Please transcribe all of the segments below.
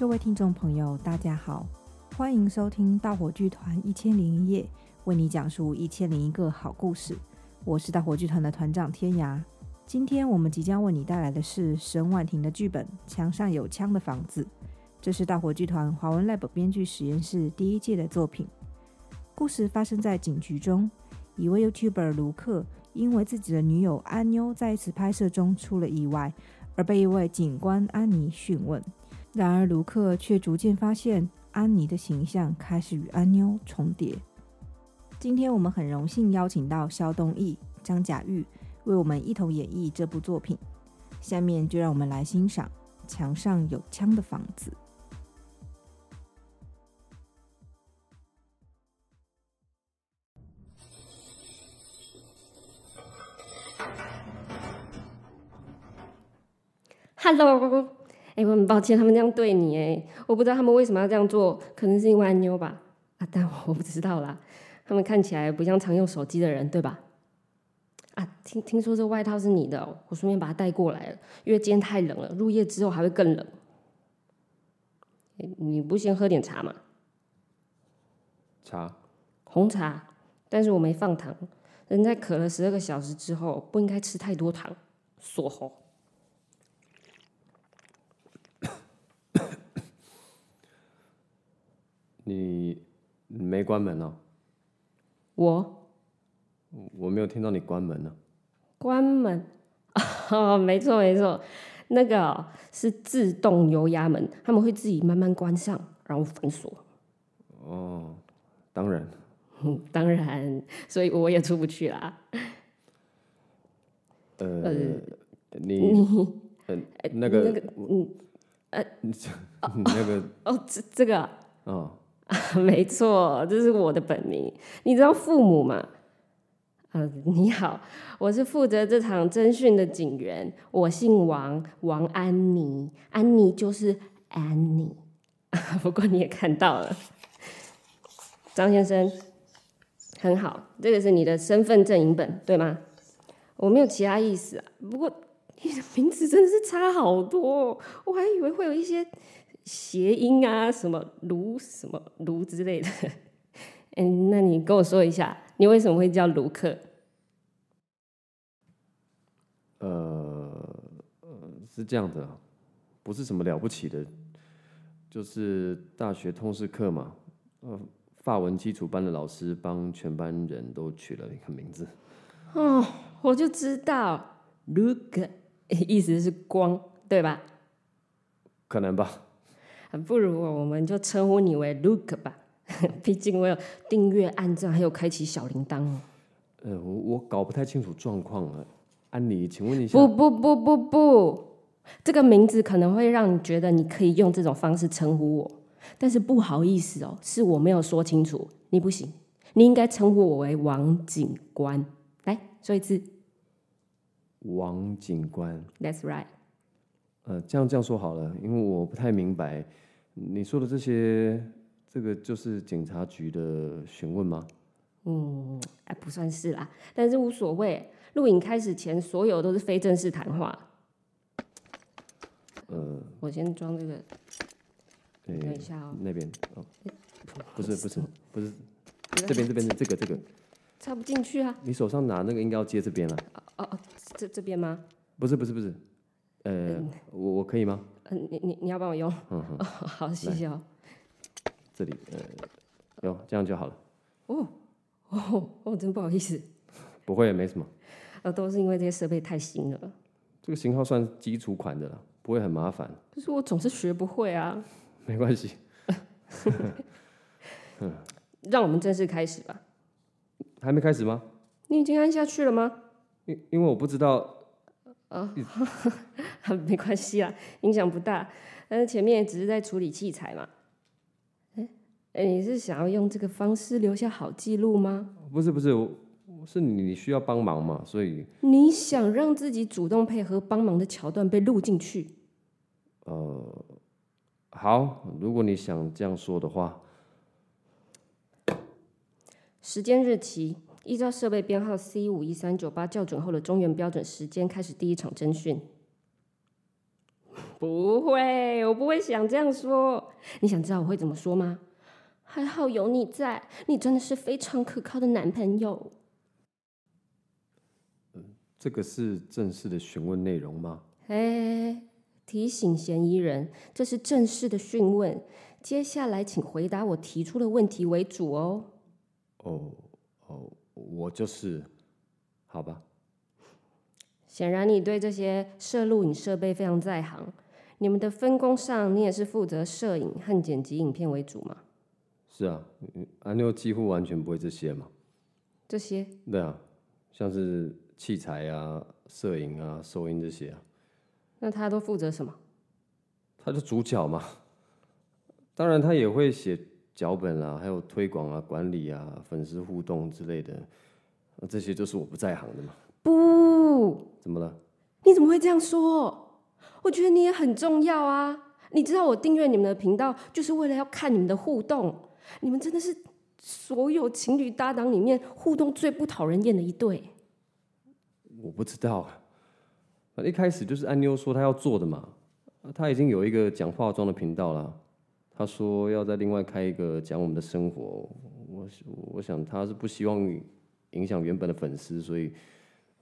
各位聽眾朋友，大家好，歡迎收聽盜火劇團一千零一夜，為你講述一千零一個好故事。我是盜火劇團的團長天涯。今天我們即將為你帶來的是沈琬婷的劇本《牆上有槍的房子》，這是盜火劇團華文 lab 編劇實驗室第一屆的作品。故事發生在警局中，一位 YouTuber 盧克因為自己的女友安妞在一次拍攝中出了意外，而被一位警官安妮訊問。然而，盧克卻逐漸發現，安妮的形象開始與安妞重疊。今天我們很榮幸邀請到蕭東意、張賈玉為我們一同演繹這部作品。下面就讓我們來欣賞《牆上有槍的房子》。Hello。欸、我很抱歉他們這樣對你哎、欸，我不知道他們為什麼要這樣做，可能是因為安妞吧啊，但我不知道啦。他們看起來不像常用手機的人，對吧？啊，聽聽說這外套是你的，我順便把它帶過來了，因為今天太冷了，入夜之後還會更冷。欸、你不先喝點茶嗎？茶，紅茶，但是我沒放糖。人在渴了十二個小時之後，不應該吃太多糖，鎖喉。你沒關門哦。我，我沒有聽到你關門呢、啊。關門啊、哦，沒錯沒錯，那個是自動油壓門，他們會自己慢慢關上，然後反鎖。哦，當然、嗯。當然，所以我也出不去啦。呃，你，嗯、呃，那個，那個，嗯，呃、 那個，哦，這這個，啊、哦。啊、沒錯，這是我的本名。你知道父母嗎？呃、啊，你好，我是負責這場偵訊的警員，我姓王，王安妮，安妮就是安妮、啊。不過你也看到了，張先生，很好，這個是你的身份證影本，對嗎？我沒有其他意思、啊、不過你的名字真的是差好多，我還以為會有一些。諧音啊，什麼盧什麼盧之類的，嗯、欸，那你跟我說一下，你為什麼會叫盧克？呃，是這樣子，啊，不是什麼了不起的，就是大學通識課嘛，呃，法文基礎班的老師幫全班人都取了一個名字。哦，我就知道，盧克意思是光，對吧？可能吧。不如我們就稱呼你為 Look 吧， 畢竟我有訂閱按讚，還有開啟小鈴鐺哦。呃，我我搞不太清楚狀況了，安、啊、妞，請問你。不，不不不不不，這個名字可能會讓你覺得你可以用這種方式稱呼我，但是不好意思哦，是我沒有說清楚，你不行，你應該稱呼我為王警官，來說一次。王警官。That's right. 呃，這樣這樣說好了，因為我不太明白你說的這些，這個就是警察局的詢問嗎？嗯，哎，不算是啦，但是無所謂。錄影開始前，所有都是非正式談話。呃，我先裝這個。等一下哦，那邊哦，不是不是不是，這邊這邊是這個這個插不進去啊。你手上拿那個應該要接這邊了。哦哦，這這邊嗎？不是不是不是。呃，我我可以嗎？嗯，你你你要幫我用。嗯，好，謝謝哦。這裡呃，有這樣就好了。哦哦哦，真不好意思。不會，沒什麼。呃，都是因為這些設備太新了。這個型號算基礎款的了，不會很麻煩。可是我總是學不會啊。沒關係。讓我們正式開始吧。還沒開始嗎？你已經按下去了嗎？因因為我不知道。啊。沒關係啦，影響不大。但是前面也只是在處理器材嘛。哎，你是想要用這個方式留下好記錄嗎？不是不是，是你需要幫忙嘛，所以。你想讓自己主動配合幫忙的橋段被錄進去？呃，好，如果你想這樣說的話。時間日期依照設備編號 C 五一三九八校準後的中原標準時間開始第一場偵訊。不會，我不會想這樣說。你想知道我會怎麼說嗎？還好有你在，你真的是非常可靠的男朋友。嗯，這個是正式的詢問內容嗎？哎，提醒嫌疑人，這是正式的詢問，接下來請回答我提出的問題為主哦。哦哦，我就是，好吧。顯然你對這些攝錄影設備非常在行。你們的分工上，你也是負責攝影和剪輯影片為主嗎？是啊，安妞幾乎完全不會這些嘛。這些？對啊，像是器材啊、攝影啊、收音這些啊。那他都負責什麼？他的主角嘛，當然他也會寫腳本啊，還有推廣啊、管理啊、粉絲互動之類的，這些就是我不在行的嘛。不，怎麼了？你怎麼會這樣說？我覺得你也很重要啊！你知道我訂閱你們的頻道就是為了要看你們的互動。你們真的是所有情侶搭檔裡面互動最不討人厭的一對。我不知道，啊，一開始就是安妞說她要做的嘛。她已經有一個講化妝的頻道了，她說要再另外開一個講我們的生活。我我想她是不希望影響原本的粉絲，所以，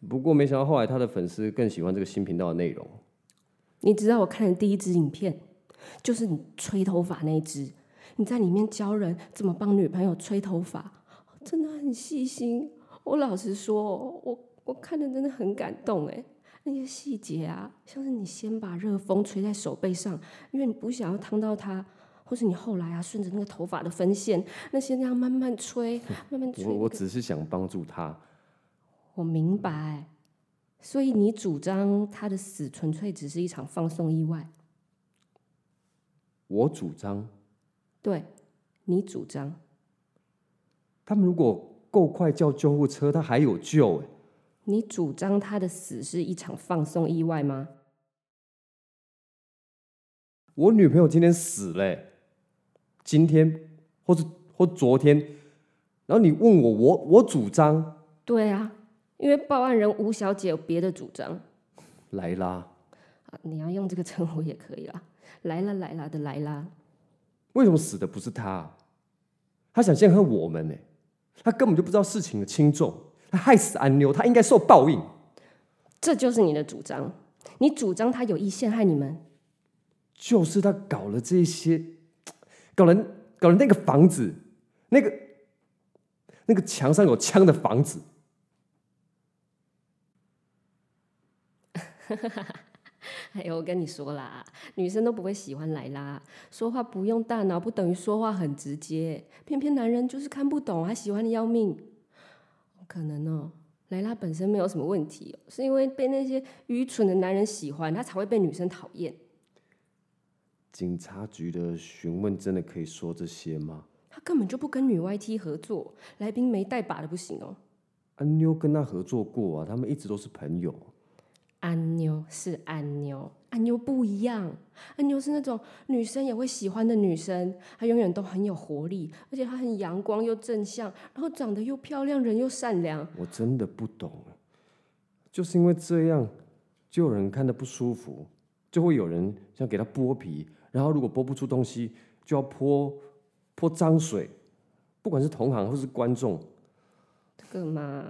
不過沒想到後來她的粉絲更喜歡這個新頻道的內容。你知道我看的第一支影片，就是你吹頭髮那一支。你在裡面教人怎麼幫女朋友吹頭髮，真的很細心。我老實說，我我看得真的很感動哎。那些細節啊，像是你先把熱風吹在手背上，因為你不想要燙到她，或是你後來啊順着那個頭髮的分線，那些那樣慢慢吹、慢慢吹、那個。我我只是想幫助她。我明白。所以你主張他的死純粹只是一場放送意外？我主張。對，你主張。他們如果夠快叫救護車，他還有救哎。你主張他的死是一場放送意外嗎？我女朋友今天死了，今天或者或是昨天，然後你問我，我我主張。對啊。因為報案人吳小姐有別的主張，來啦、啊！你要用這個稱呼也可以啦，來啦來啦的來啦！為什麼死的不是他、啊？他想陷害我們呢，他根本就不知道事情的輕重，他害死安妞，他應該受報應。這就是你的主張？你主張他有意陷害你們？就是他搞了這些，搞了搞了那個房子，那個那個牆上有槍的房子。 哎呦，我跟你說啦，女生都不會喜歡萊拉。說話不用大腦，不等於說話很直接。偏偏男人就是看不懂，還喜歡的要命。可能哦，萊拉本身沒有什麼問題哦，是因為被那些愚蠢的男人喜歡，她才會被女生討厭。警察局的詢問真的可以說這些嗎？他根本就不跟女 YT 合作，來賓沒帶把的不行哦。安妞跟他合作過啊，他們一直都是朋友。安妞是安妞，安妞不一樣，安妞是那種女生也會喜歡的女生，她永遠都很有活力，而且她很陽光又正向，然後長得又漂亮，人又善良。我真的不懂，就是因為這樣，就有人看得不舒服，就會有人想給她剝皮，然後如果剝不出東西，就要潑潑髒水，不管是同行或是觀眾。這個嘛。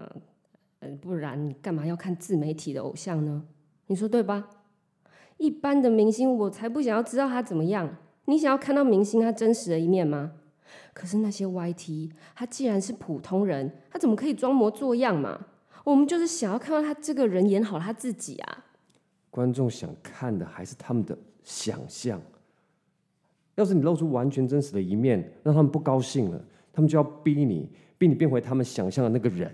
嗯，不然你幹嘛要看自媒體的偶像呢？你說對吧？一般的明星，我才不想要知道他怎麼樣。你想要看到明星他真實的一面嗎？可是那些 YT，他既然是普通人，他怎麼可以裝模作樣嘛？我們就是想要看到他這個人演好他自己啊。觀眾想看的還是他們的想象。要是你露出完全真實的一面，讓他們不高興了，他們就要逼你，逼你變回他們想象的那個人。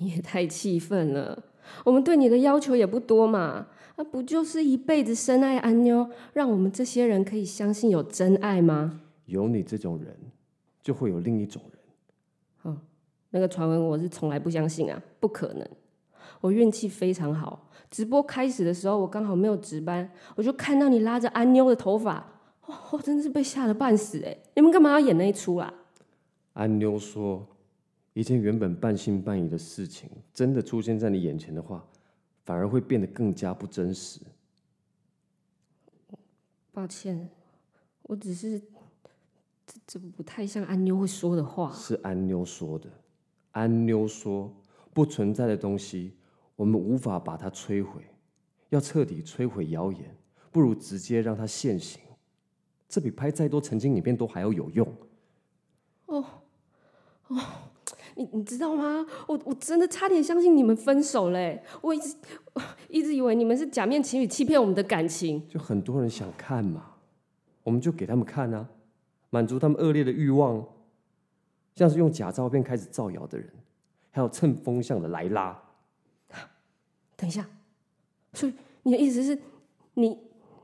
你也太氣憤了！我們對你的要求也不多嘛，那、啊、不就是一輩子深愛安妞，讓我們這些人可以相信有真愛嗎？有你這種人，就會有另一種人。哦、那個傳聞我是從來不相信啊，不可能！我運氣非常好，直播開始的時候我剛好沒有值班，我就看到你拉着安妞的頭髮，哇、哦哦，真是被嚇得半死哎！你們幹嘛要演那一出啊？安妞說。一件原本半信半疑的事情，真的出現在你眼前的話，反而會變得更加不真實。抱歉，我只是這這不太像安妞會說的話。是安妞說的，安妞說，不存在的東西，我們無法把它摧毀。要徹底摧毀謠言，不如直接讓它現形，這比拍再多澄清影片都還要有用。哦，哦。你你知道嗎？我我真的差點相信你們分手嘞！我一直我一直以為你們是假面情侶，欺騙我們的感情。就很多人想看嘛，我們就給他們看啊，滿足他們惡劣的慾望。像是用假照片開始造謠的人，還有蹭風向的萊拉。等一下，所以你的意思是，你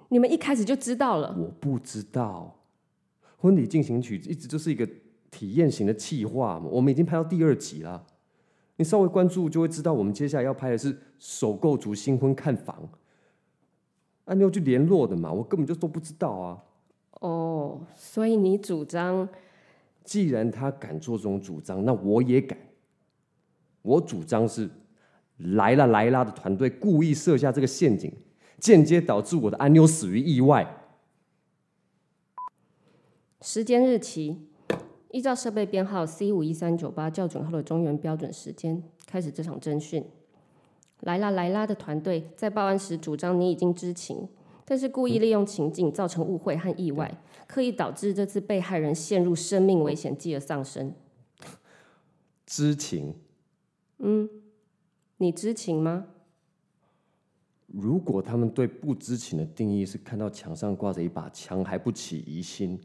你們一開始就知道了？我不知道，婚禮進行曲一直就是一個。體驗型的企劃嘛，我們已經拍到第二集了。你稍微關注就會知道，我們接下來要拍的是首購族新婚看房。安妞去聯絡的嘛，我根本就都不知道啊。哦，oh, 所以你主張？既然他敢做這種主張，那我也敢。我主張是來了來拉的團隊故意設下這個陷阱，間接導致我的安妞死於意外。時間、日期。依照設備編號 C 五一三九八校準後的中原標準時間，開始這場偵訊。萊拉萊拉的團隊在報案時主張你已經知情，但是故意利用情境造成誤會和意外，嗯、刻意導致這次被害人陷入生命危險，繼而喪生。知情？嗯，你知情嗎？如果他們對不知情的定義是看到牆上掛着一把槍還不起疑心，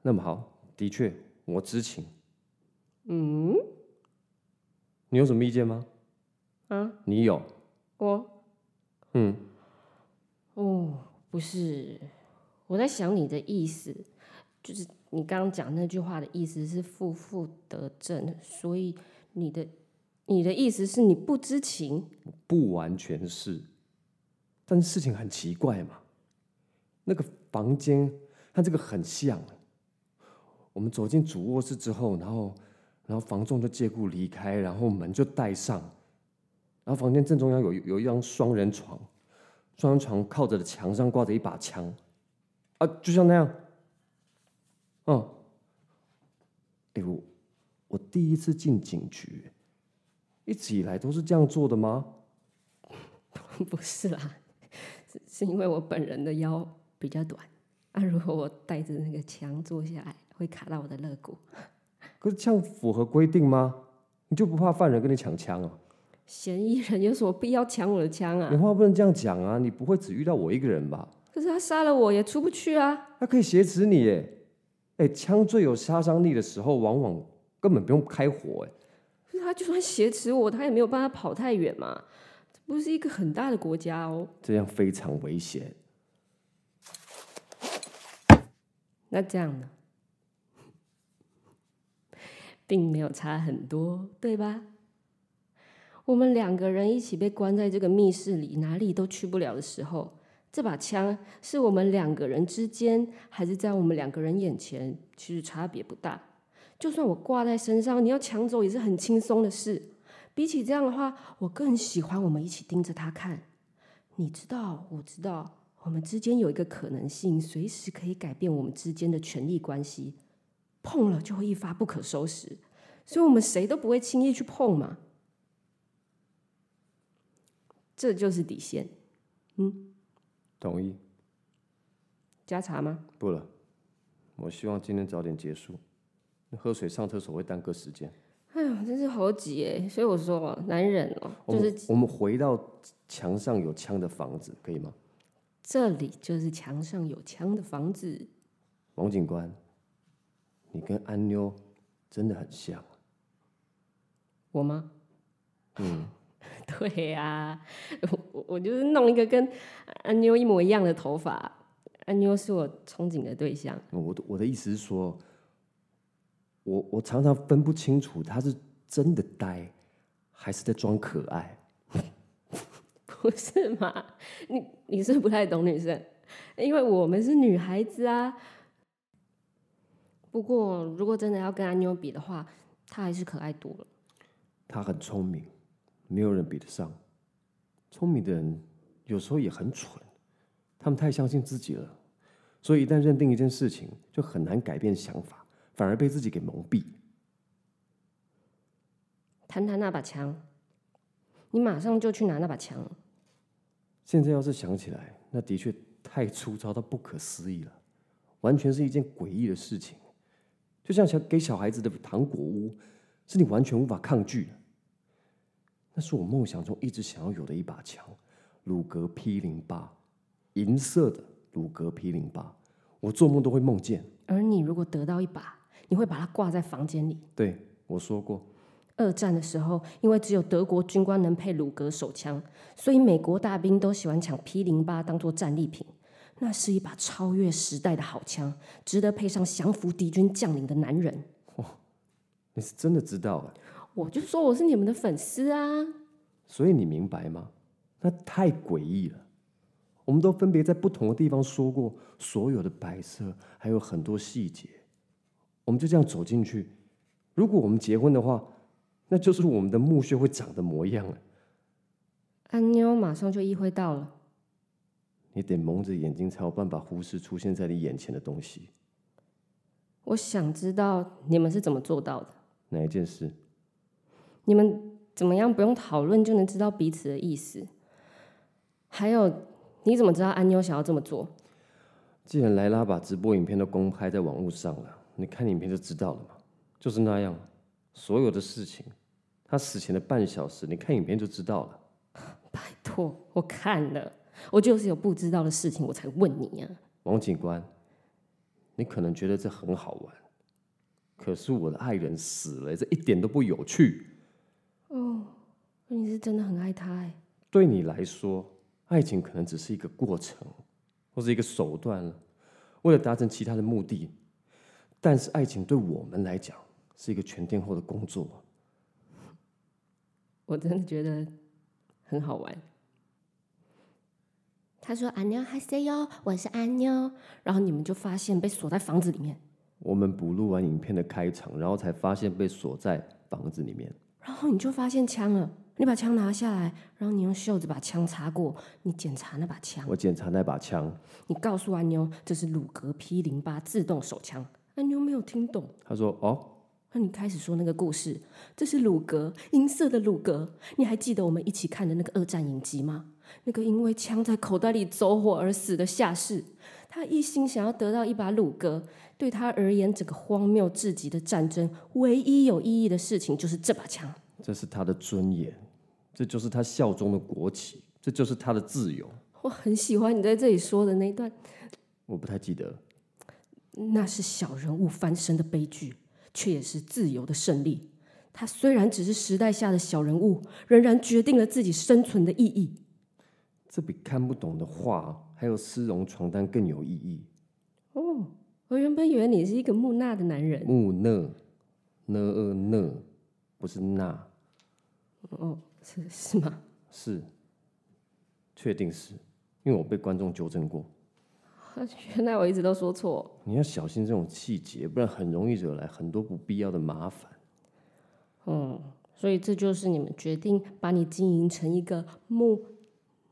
那麼好，的確。我知情。嗯？你有什麼意見嗎？啊？你有？我？嗯。哦，不是，我在想你的意思，就是你剛剛講那句話的意思是負負得正，所以你的你的意思是你不知情。不完全是，但是事情很奇怪嘛，那個房間它這個很像。我們走進主臥室之後，然後，然後房仲就借故離開，然後門就帶上。然後房間正中央有一有一張雙人床，雙人床靠着的牆上掛着一把槍，啊，就像那樣。哦、啊。哎呦，我第一次進警局，一直以來都是這樣做的嗎？不是啦，是是因為我本人的腰比較短，那、啊、如果我帶着那個槍坐下來。會卡到我的肋骨。可是這樣符合規定嗎？你就不怕犯人跟你搶槍啊？嫌疑人有什麼必要搶我的槍啊？你話不能這樣講啊！你不會只遇到我一個人吧？可是他殺了我也出不去啊！他可以挾持你耶，哎，哎，槍最有殺傷力的時候，往往根本不用開火耶，哎。可是他就算挾持我，他也沒有辦法跑太遠嘛，這不是一個很大的國家哦。這樣非常危險。那這樣呢？並沒有差很多，對吧？我們兩個人一起被關在這個密室裡，哪裡都去不了的時候，這把槍是我們兩個人之間，還是在我們兩個人眼前，其實差別不大。就算我掛在身上，你要搶走也是很輕鬆的事。比起這樣的話，我更喜歡我們一起盯着他看。你知道，我知道，我們之間有一個可能性，隨時可以改變我們之間的權力關係。碰了就會一發不可收拾，所以我們誰都不會輕易去碰嘛。這就是底線，嗯，同意。加茶嗎？不了，我希望今天早點結束。喝水上廁所會耽擱時間。哎呀，真是猴急哎，所以我說難忍哦。就是我們，我們回到牆上有槍的房子，可以嗎？這裡就是牆上有槍的房子。王警官。你跟安妞真的很像，我嗎？嗯。 對呀。啊，我就是弄一個跟安妞一模一樣的頭髮。安妞是我憧憬的對象。我我的意思是說，我我常常分不清楚她是真的呆，還是在裝可愛。 不是嗎？你你是不是不太懂女生？因為我們是女孩子啊。不過，如果真的要跟安妞比的話，他還是可愛多了。他很聰明，沒有人比得上。聰明的人有時候也很蠢，他們太相信自己了，所以一旦認定一件事情，就很難改變想法，反而被自己給矇蔽。談談那把槍，你馬上就去拿那把槍。現在要是想起來，那的確太粗糙到不可思議了，完全是一件詭異的事情。就像小給小孩子的糖果屋，是你完全無法抗拒的。那是我夢想中一直想要有的一把槍，魯格 P 零八，銀色的魯格 P 零八，我做夢都會夢見。而你如果得到一把，你會把它掛在房間裡。對，我說過，二戰的時候，因為只有德國軍官能配魯格手槍，所以美國大兵都喜歡搶 P 零八當做戰利品。那是一把超越時代的好槍，值得配上降服敵軍將領的男人。哦，你是真的知道啊？我就說我是你們的粉絲啊。所以你明白嗎？那太詭異了。我們都分別在不同的地方說過，所有的擺設還有很多細節。我們就這樣走進去。如果我們結婚的話，那就是我們的墓穴會長的模樣了啊。安妞馬上就意會到了。你得蒙着眼睛才有辦法忽視出現在你眼前的東西。我想知道你們是怎麼做到的。哪一件事？你們怎麼樣不用討論就能知道彼此的意思？還有，你怎麼知道安妞想要這麼做？既然萊拉把直播影片都公開在網路上了，你看影片就知道了嘛。就是那樣，所有的事情，他死前的半小時，你看影片就知道了。拜托，我看了。我就是有不知道的事情，我才問你啊，王警官。你可能覺得這很好玩，可是我的愛人死了，這一點都不有趣。哦，你是真的很愛他哎。對你來說，愛情可能只是一個過程，或是一個手段了，為了達成其他的目的。但是愛情對我們來講，是一個全天候的工作。我真的覺得很好玩。他說：“安妞哈賽唷！我是安妞。”然後你們就發現被鎖在房子裡面。我們補錄完影片的開場，然後才發現被鎖在房子裡面。然後你就發現槍了。你把槍拿下來，然後你用袖子把槍擦過。你檢查那把槍。我檢查那把槍。你告訴安妞，這是魯格 P 零八自動手槍。安妞沒有聽懂。他說：“哦。”那你開始說那個故事。這是魯格，銀色的魯格。你還記得我們一起看的那個二戰影集嗎？那個因為槍在口袋裡走火而死的下士，他一心想要得到一把魯格。對他而言，這個荒謬至極的戰爭，唯一有意義的事情就是這把槍。這是他的尊嚴，這就是他效忠的國旗，這就是他的自由。我很喜歡你在這裡說的那一段，我不太記得了。那是小人物翻身的悲劇，卻也是自由的勝利。他雖然只是時代下的小人物，仍然決定了自己生存的意義。這比看不懂的畫還有絲絨床單更有意義。哦，我原本以為你是一個木訥的男人。木訥，n e ne，不是那。哦，是是嗎？是，確定是，因為我被觀眾糾正過。原來我一直都說錯。你要小心這種細節，不然很容易惹來很多不必要的麻煩。嗯，所以這就是你們決定把你經營成一個木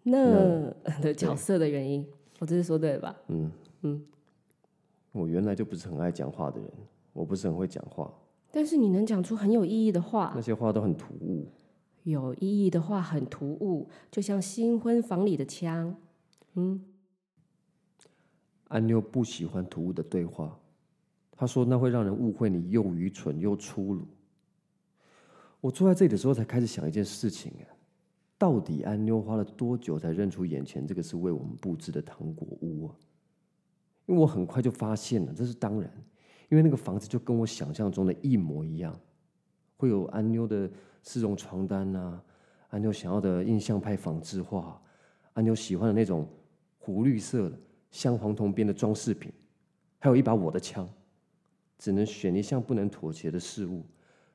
那的角色的原因，嗯、我這是說對了吧？嗯嗯，嗯我原來就不是很愛講話的人，我不是很會講話。但是你能講出很有意義的話，那些話都很突兀。有意義的話很突兀，就像新婚房裡的槍。嗯，安妞不喜歡突兀的對話，她說那會讓人誤會你又愚蠢又粗魯。我坐在這裡的時候，才開始想一件事情、啊。到底安妞花了多久才認出眼前這個是為我們布置的糖果屋啊？因為我很快就發現了，這是當然，因為那個房子就跟我想象中的一模一樣，會有安妞的絲絨床單啊，安妞想要的印象派仿製畫，安妞喜歡的那種湖綠色的鑲黃銅邊的裝飾品，還有一把我的槍，只能選一項不能妥協的事物，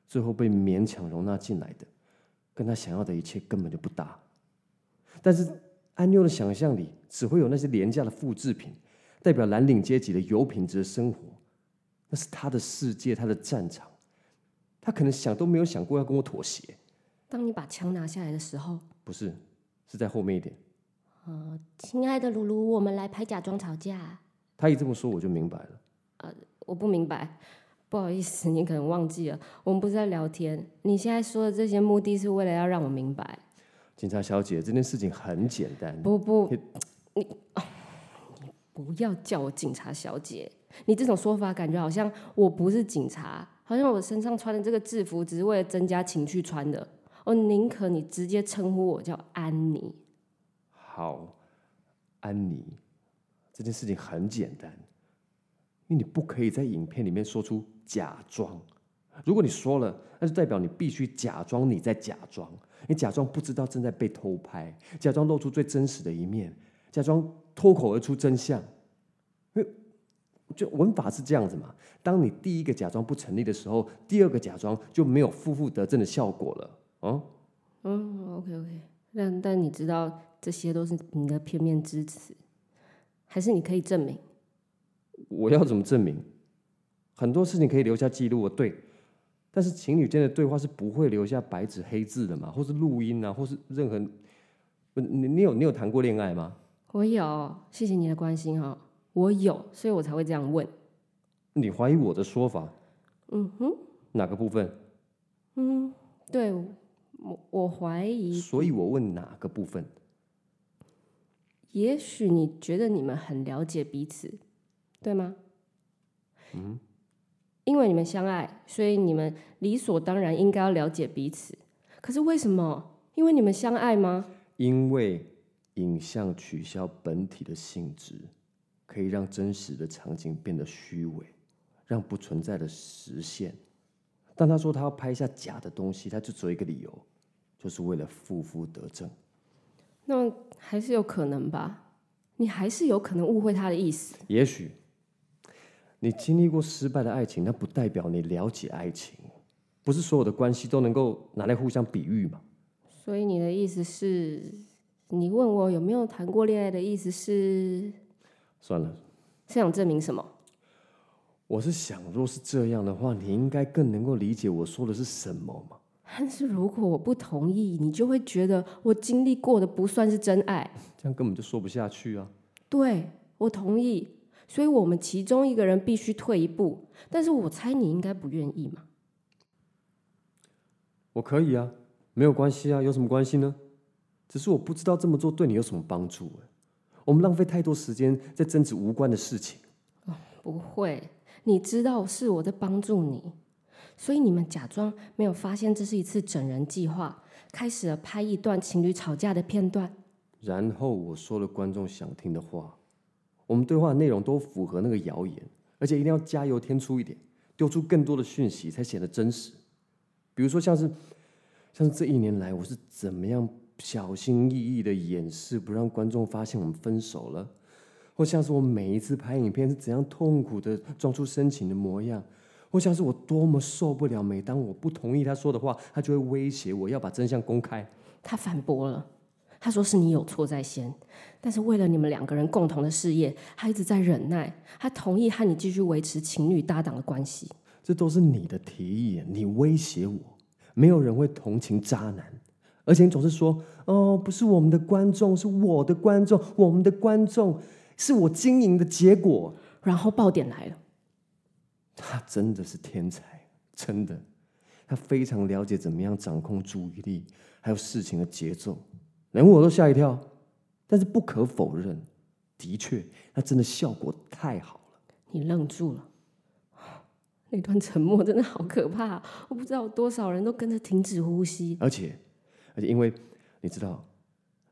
最後被勉強容納進來的。跟他想要的一切根本就不搭，但是安妞的想象裡只會有那些廉價的複製品，代表藍領階級的有品質的生活，那是他的世界，他的戰場，他可能想都沒有想過要跟我妥協。當你把槍拿下來的時候，不是，是在後面一點。親愛的盧盧，我們來拍假裝吵架。他一這麼說，我就明白了。我不明白。不好意思，你可能忘記了，我們不是在聊天。你現在說的這些目的是為了要讓我明白。警察小姐，這件事情很簡單。不不，Hit. 你、哦、你不要叫我警察小姐，你這種說法感覺好像我不是警察，好像我身上穿的這個制服只是為了增加情趣穿的。我、哦、寧可你直接稱呼我叫安妞。好，安妞，這件事情很簡單。因為你不可以在影片裡面說出假裝，如果你說了，那就代表你必須假裝你在假裝，你假裝不知道正在被偷拍，假裝露出最真實的一面，假裝脫口而出真相。就文法是這樣子嘛，當你第一個假裝不成立的時候，第二個假裝就沒有負負得正的效果了。啊，嗯，嗯，OK OK，但但你知道這些都是你的片面之詞，還是你可以證明？我要怎麼證明？很多事情可以留下記錄啊。對，但是情侶間的對話是不會留下白紙黑字的嘛，或是錄音啊，或是任何。你你有你有談過戀愛嗎？我有，謝謝你的關心哈、哦。我有，所以我才會這樣問。你懷疑我的說法？嗯哼。哪個部分？嗯，對，我我懷疑。所以我問哪個部分？也許你覺得你們很了解彼此。對嗎？嗯，因為你們相愛，所以你們理所當然應該要了解彼此。可是為什麼？因為你們相愛嗎？因為影像取消本體的性質，可以讓真實的場景變得虛偽，讓不存在的實現。但他說他要拍一下假的東西，他就只有一個理由，就是為了負負得正。那還是有可能吧？你還是有可能誤會他的意思。也許。你經歷過失敗的愛情，那不代表你了解愛情。不是所有的關係都能夠拿來互相比喻嘛？所以你的意思是，你問我有沒有談過戀愛的意思是？算了。是想證明什麼？我是想，若是這樣的話，你應該更能夠理解我說的是什麼嘛？但是如果我不同意，你就會覺得我經歷過的不算是真愛。 這樣根本就說不下去啊！對，我同意。所以我們其中一個人必須退一步，但是我猜你應該不願意嘛？我可以啊，沒有關係啊，有什麼關係呢？只是我不知道這麼做對你有什麼幫助啊。我們浪費太多時間在爭執無關的事情。哦，不會，你知道是我在幫助你，所以你們假裝沒有發現這是一次整人計劃，開始了，拍一段情侶吵架的片段。然後我說了觀眾想聽的話。我們對話的內容都符合那個謠言，而且一定要加油添醋一點，丟出更多的訊息才顯得真實。比如說像是，像是像這一年來我是怎麼樣小心翼翼的掩飾，不讓觀眾發現我們分手了；或像是我每一次拍影片是怎樣痛苦的裝出深情的模樣；或像是我多麼受不了，每當我不同意他說的話，他就會威脅我要把真相公開。他反駁了。他說：“是你有錯在先，但是為了你們兩個人共同的事業，他一直在忍耐，他同意和你繼續維持情侶搭檔的關係。這都是你的提議，你威脅我，沒有人會同情渣男。而且你總是說，哦，不是我們的觀眾，是我的觀眾，我們的觀眾是我經營的結果。”然後爆點來了，他真的是天才，真的，他非常了解怎麼樣掌控注意力，還有事情的節奏。連我都嚇一跳，但是不可否認，的確，他真的效果太好了。你愣住了，那段沉默真的好可怕啊，我不知道多少人都跟着停止呼吸。而且，而且，因為你知道，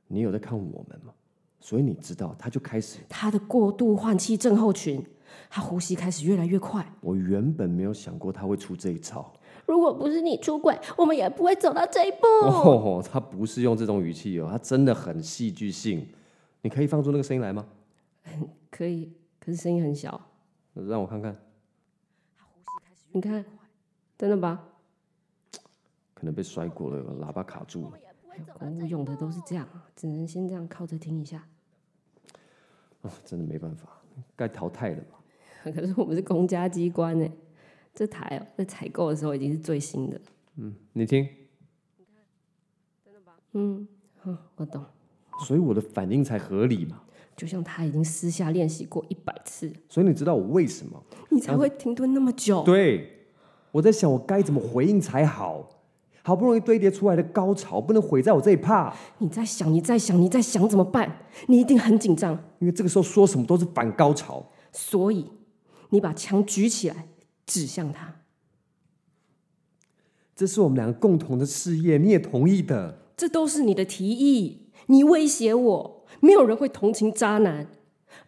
你有在看我們嗎？所以你知道，他就開始他的過度換氣症候群，他呼吸開始越來越快。我原本沒有想過他會出這一招。如果不是你出軌，我們也不會走到這一步。哦，他不是用這種語氣哦，他真的很戲劇性。你可以放出那個聲音來嗎？ 可以，可是聲音很小。讓我看看。你看，真的吧？可能被摔過了，喇叭卡住了。公務用的都是這樣，只能先這樣靠着聽一下，哦。真的沒辦法，該淘汰了吧？ 可是我們是公家機關呢。這台、哦、在採購的時候已經是最新的。嗯，你聽，真的嗎？嗯，我懂。所以我的反應才合理嘛。就像他已經私下練習過一百次。所以你知道我為什麼？你才會停頓那麼久、啊。對，我在想我該怎麼回應才好。好不容易堆疊出來的高潮，不能毀在我這一趴。你在想，你在想，你在想怎麼辦？你一定很緊張。因為這個時候說什麼都是反高潮。所以你把槍舉起來。指向他。這是我們兩個共同的事業，你也同意的。這都是你的提議，你威脅我，沒有人會同情渣男。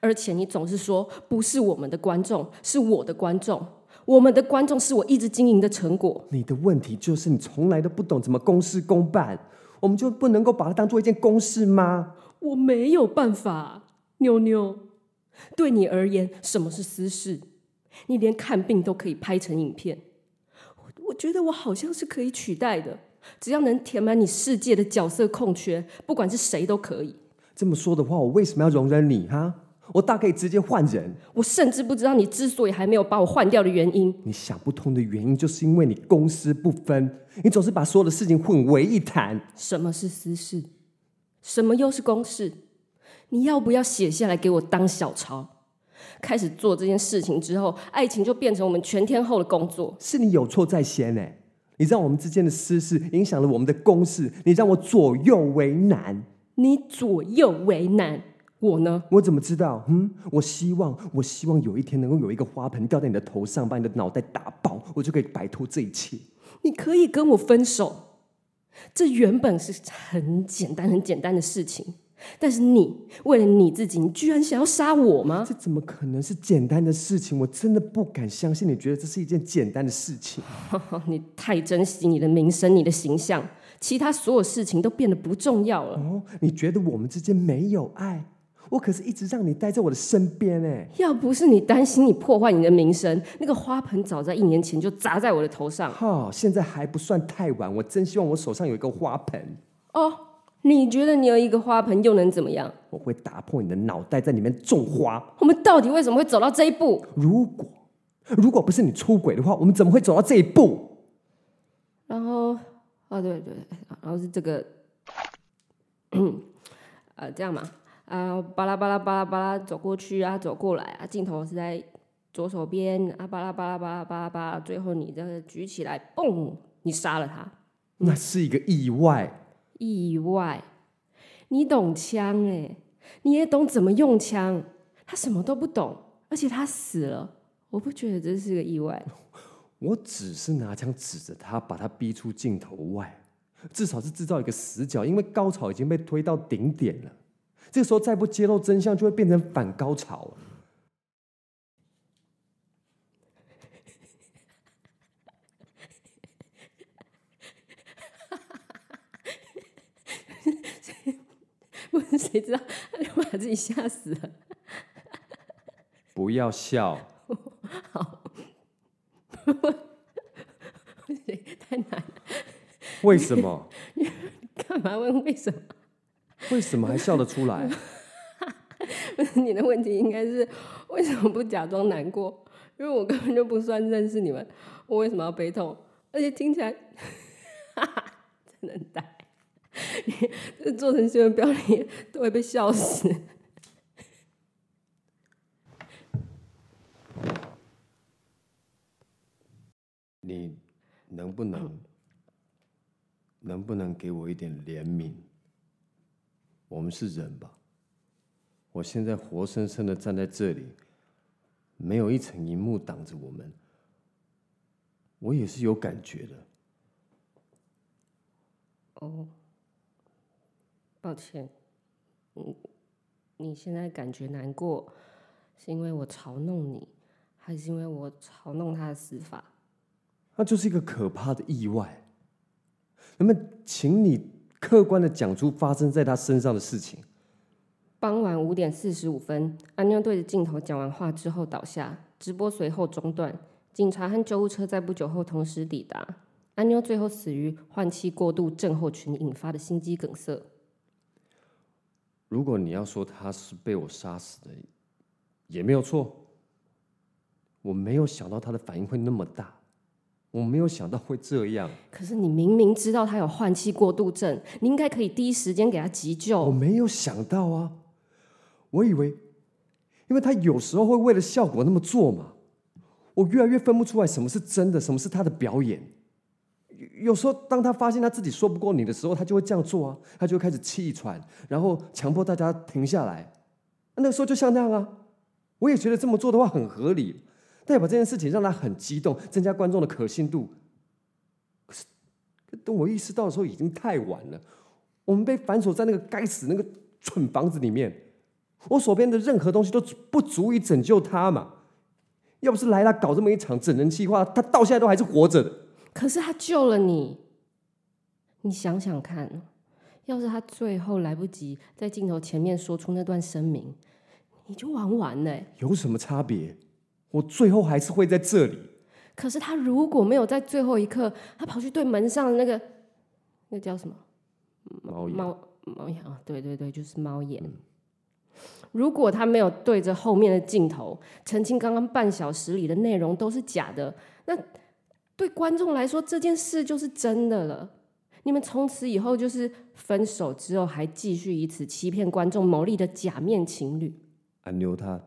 而且你總是說，不是我們的觀眾，是我的觀眾。我們的觀眾是我一直經營的成果。你的問題就是你從來都不懂怎麼公事公辦。我們就不能夠把它當做一件公事嗎？我沒有辦法，妞妞，對你而言，什麼是私事？你連看病都可以拍成影片。我，我覺得我好像是可以取代的，只要能填滿你世界的角色空缺，不管是誰都可以。這麼說的話，我為什麼要容忍你哈？我大可以直接換人。我甚至不知道你之所以還沒有把我換掉的原因。你想不通的原因，就是因為你公私不分，你總是把所有的事情混為一談。什麼是私事？什麼又是公事？你要不要寫下來給我當小抄？開始做這件事情之後，愛情就變成我們全天候的工作。是你有錯在先呢，你讓我們之間的私事影響了我們的公事，你讓我左右為難。你左右為難，我呢？我怎麼知道？嗯，我希望，我希望有一天能夠有一個花盆掉在你的頭上，把你的腦袋打爆，我就可以擺脫這一切。你可以跟我分手，這原本是很簡單、很簡單的事情。但是你為了你自己，你居然想要殺我嗎？這怎麼可能是簡單的事情？我真的不敢相信，你覺得這是一件簡單的事情。哦，你太珍惜你的名聲、你的形象，其他所有事情都變得不重要了。哦，你覺得我們之間沒有愛？我可是一直讓你待在我的身邊哎。要不是你擔心你破壞你的名聲，那個花盆早在一年前就砸在我的頭上。哈，哦，現在還不算太晚。我真希望我手上有一個花盆。哦。你覺得你有一個花盆又能怎麼樣？我會打破你的腦袋，在裡面種花。我們到底為什麼會走到這一步？如果如果不是你出軌的話，我們怎麼會走到這一步？然後啊，對對對，然後是這個，嗯，呃，這樣嘛，啊，巴拉巴拉巴拉巴拉，走過去啊，走過來啊，鏡頭是在左手邊啊，巴拉巴拉巴拉巴拉，巴最後你這個舉起來，嘣，你殺了他。嗯，那是一個意外。意外，你懂槍誒，你也懂怎麼用槍。他什麼都不懂，而且他死了，我不覺得這是個意外。我只是拿槍指着他，把他逼出鏡頭外，至少是制造一個死角。因為高潮已經被推到頂點了，這個時候再不揭露真相，就會變成反高潮了。誰知道，他就把自己嚇死了。不要笑。 好。 太難了。為什麼？幹嘛問為什麼？為什麼還笑得出來？ 不是，你的問題應該是為什麼不假裝難過？因為我根本就不算認識你們，我為什麼要悲痛？而且聽起來，哈哈，真的難。你這做成新聞標題都會被笑死。你能不能能不能給我一點憐憫？我們是人吧？我現在活生生的站在這裡，沒有一層螢幕擋着我們，我也是有感覺的。哦。Oh. 抱歉，嗯，你現在感覺難過，是因為我嘲弄你，還是因為我嘲弄他的死法？那就是一個可怕的意外。那麼，請你客觀地講出發生在他身上的事情。傍晚五點四十五分，安妞對着鏡頭講完話之後倒下，直播隨後中斷。警察和救護車在不久後同時抵達。安妞最後死於換氣過度症候群引發的心肌梗塞。如果你要說他是被我殺死的，也沒有錯。我沒有想到他的反應會那麼大，我沒有想到會這樣。可是你明明知道他有換氣過度症，你應該可以第一時間給他急救。我沒有想到啊，我以為，因為他有時候會為了效果那麼做嘛。我越來越分不出來什麼是真的，什麼是他的表演。有時候，當他發現他自己說不過你的時候，他就會這樣做啊，他就會開始氣喘，然後強迫大家停下來。那個時候就像那樣啊，我也覺得這麼做的話很合理，代表這件事情讓他很激動，增加觀眾的可信度。可是等我意識到的時候，已經太晚了。我們被反鎖在那個該死那個蠢房子裡面，我手邊的任何東西都不足以拯救他嘛。要不是來了搞這麼一場整人計劃，他到現在都還是活着的。可是他救了你，你想想看，要是他最後來不及在鏡頭前面說出那段聲明，你就玩完了。欸，有什麼差別？我最後還是會在這裡。可是他如果沒有在最後一刻，他跑去對門上的那個，那叫什麼？貓眼，貓眼啊！對對對，就是貓眼。如果他沒有對着後面的鏡頭澄清，剛剛半小時裡的內容都是假的，那。對觀眾來說，這件事就是真的了。你們從此以後就是分手之後還繼續以此欺騙觀眾牟利的假面情侶。安妞他，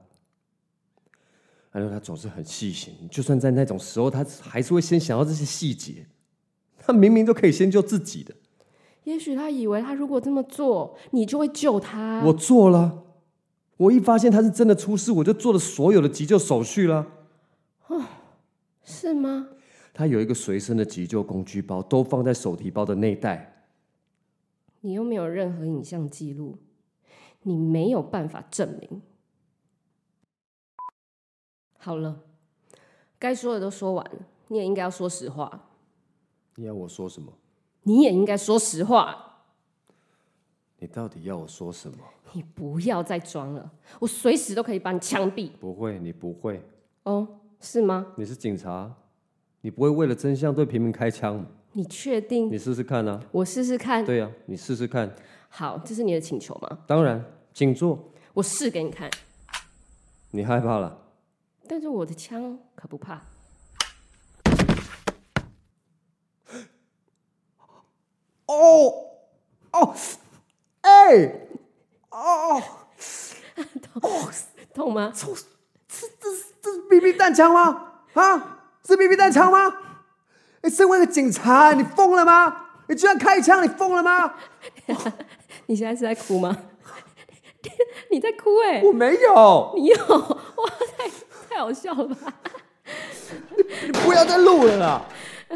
安妞他總是很細心，就算在那種時候，他還是會先想到這些細節。他明明都可以先救自己的。也許他以為，他如果這麼做，你就會救他。我做了，我一發現他是真的出事，我就做了所有的急救手續了。哦，是嗎？他有一個隨身的急救工具包，都放在手提包的內袋。你又沒有任何影像記錄，你沒有辦法證明。好了，該說的都說完了，你也應該要說實話。你要我說什麼？你也應該說實話。你到底要我說什麼？你不要再裝了，我隨時都可以把你槍斃。不會，你不會。哦，oh, 是嗎？你是警察。你不會為了真相對平民開槍？你確定？你試試看啊！我試試看。對啊，你試試看。好，這是你的請求嗎？當然，請坐。我試給你看。你害怕了？但是我的槍可不怕。哦哦，哎、哦欸，哦 痛哦，痛痛嗎？這這這這是 BB 彈槍嗎？啊！是 BB 彈槍嗎？你、欸、身為一個警察，你瘋了嗎？你居然開槍，你瘋了嗎？你現在是在哭嗎？你,你在哭哎、欸？我沒有。你有？哇太太好笑了吧？你你不要再錄了啦！欸、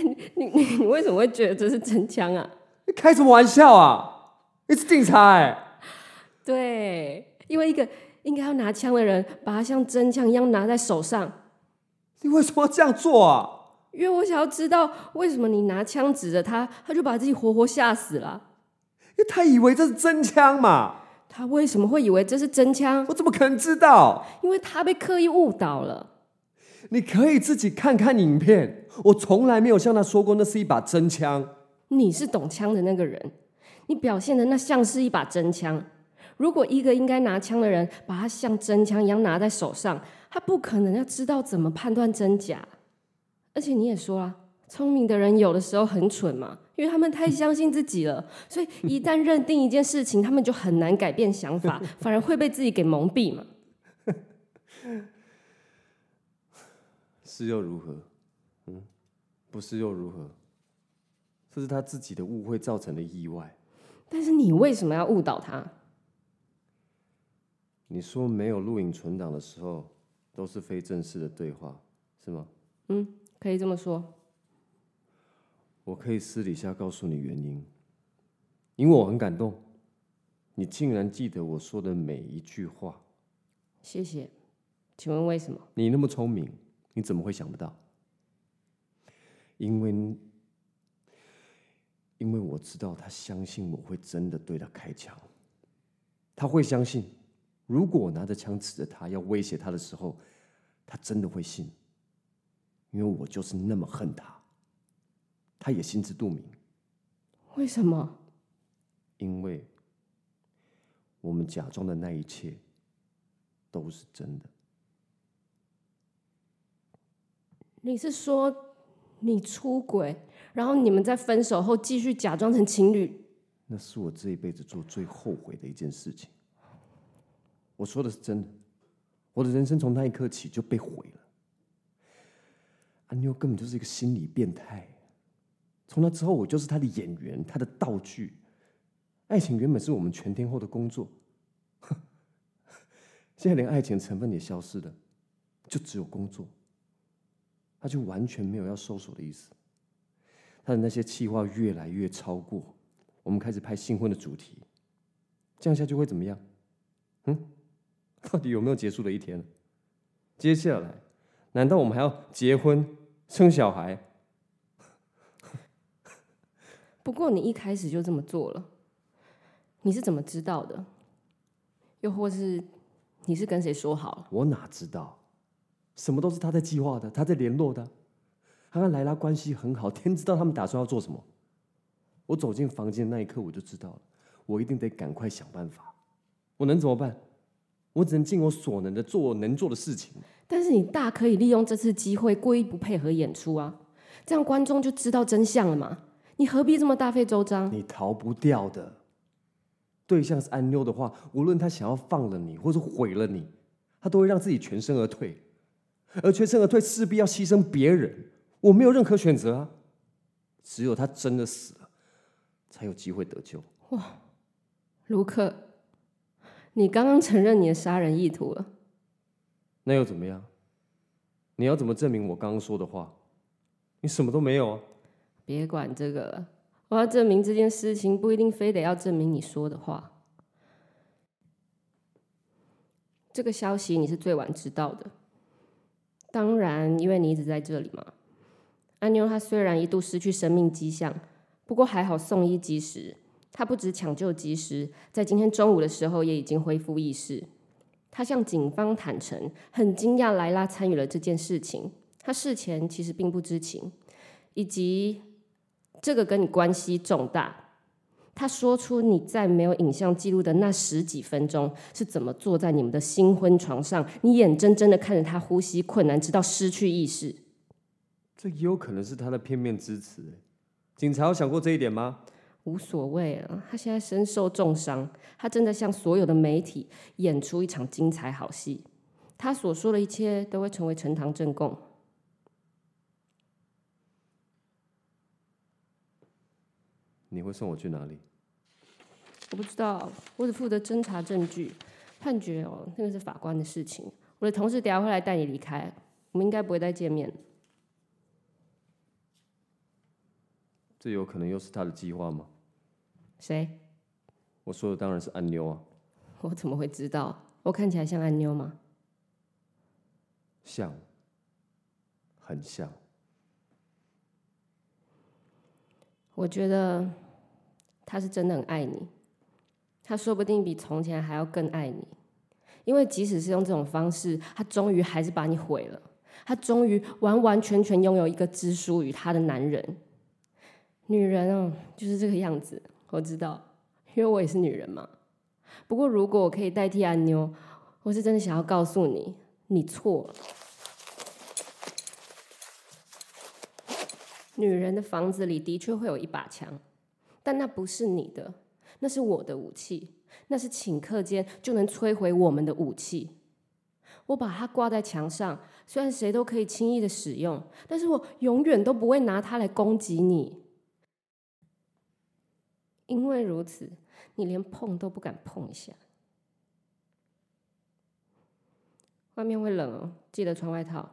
你你你為什麼會覺得這是真槍啊？你開什麼玩笑啊？你是警察、欸？對，因為一個應該要拿槍的人，把它像真槍一樣拿在手上。你為什麼要這樣做啊？因為我想要知道為什麼你拿槍指着他，他就把自己活活嚇死了啊。因為他以為這是真槍嘛。他為什麼會以為這是真槍？我怎麼可能知道？因為他被刻意誤導了。你可以自己看看影片，我從來沒有向他說過那是一把真槍。你是懂槍的那個人，你表現的那像是一把真槍。如果一個應該拿槍的人，把它像真槍一樣拿在手上。他不可能要知道怎麼判斷真假，而且你也說了，聰明的人有的時候很蠢嘛，因為他們太相信自己了，所以一旦認定一件事情，他們就很難改變想法，反而會被自己給蒙蔽嘛。是又如何？嗯，不是又如何？這是他自己的誤會造成的意外。但是你為什麼要誤導他？你說沒有錄影存檔的時候。都是非正式的對話，是嗎？嗯，可以這麼說。我可以私底下告訴你原因，因為我很感動，你竟然記得我說的每一句話。謝謝，請問為什麼？你那麼聰明，你怎麼會想不到？因為，因為我知道他相信我會真的對他開槍，他會相信。如果我拿着槍指着他要威脅他的時候，他真的會信，因為我就是那麼恨他，他也心知肚明。為什麼？因為我們假裝的那一切都是真的。你是說你出軌，然後你們在分手後繼續假裝成情侶？那是我這一輩子做最後悔的一件事情。我說的是真的，我的人生從那一刻起就被毀了。安妞根本就是一個心理變態，從那之後我就是他的演員，他的道具。愛情原本是我們全天候的工作，現在連愛情成分也消失了，就只有工作。他就完全沒有要收手的意思，他的那些氣話越來越超過，我們開始拍新婚的主題，這樣下去會怎麼樣？嗯？到底有沒有結束的一天？接下來，難道我們還要結婚生小孩？不過你一開始就這麼做了，你是怎麼知道的？又或是你是跟誰說好？我哪知道，什麼都是他在計劃的，他在聯絡的。他跟萊拉關係很好，天知道他們打算要做什麼。我走進房間那一刻，我就知道了。我一定得趕快想辦法。我能怎麼辦？我只能盡我所能的做能做的事情。但是你大可以利用這次機會故意不配合演出啊，這樣觀眾就知道真相了嘛，你何必這麼大費周章？你逃不掉的。對象是安妞的話，無論他想要放了你，或是毀了你，他都會讓自己全身而退。而全身而退，勢必要犧牲別人。我沒有任何選擇啊，只有他真的死了，才有機會得救。哇，盧克。你剛剛承認你的殺人意圖了，那又怎麼樣？你要怎麼證明我剛剛說的話？你什麼都沒有啊！別管這個了，我要證明這件事情不一定非得要證明你說的話。這個消息你是最晚知道的，當然，因為你一直在這裡嘛。安妞她雖然一度失去生命跡象，不過還好送醫及時。他不止搶救及時，在今天中午的時候也已經恢復意識。他向警方坦誠，很驚訝萊拉參與了這件事情，他事前其實並不知情，以及這個跟你關係重大。他說出你在沒有影像記錄的那十幾分鐘是怎麼坐在你們的新婚床上，你眼睜睜的看着他呼吸困難，直到失去意識。這也有可能是他的片面之詞，警察有想過這一點嗎？無所謂了、啊，他現在身受重傷，他正在向所有的媒體演出一場精彩好戲。他所說的一切都會成為呈堂證供。你會送我去哪裡？我不知道，我只負責偵查證據、判決哦，那個是法官的事情。我的同事等下會來帶你離開，我們應該不會再見面。這有可能又是他的計劃嗎？誰？我說的當然是安妞啊！我怎麼會知道？我看起來像安妞嗎？像，很像。我覺得他是真的很愛你，他說不定比從前還要更愛你，因為即使是用這種方式，他終於還是把你毀了。他終於完完全全擁有一個只屬於他的男人。女人啊，就是這個樣子。我知道，因為我也是女人嘛。不過，如果我可以代替安妞，我是真的想要告訴你，你錯了。女人的房子裡的確會有一把槍，但那不是你的，那是我的武器，那是頃刻間就能摧毀我們的武器。我把它掛在牆上，雖然誰都可以輕易的使用，但是我永遠都不會拿它來攻擊你。因為如此，你連碰都不敢碰一下。外面會冷哦，記得穿外套。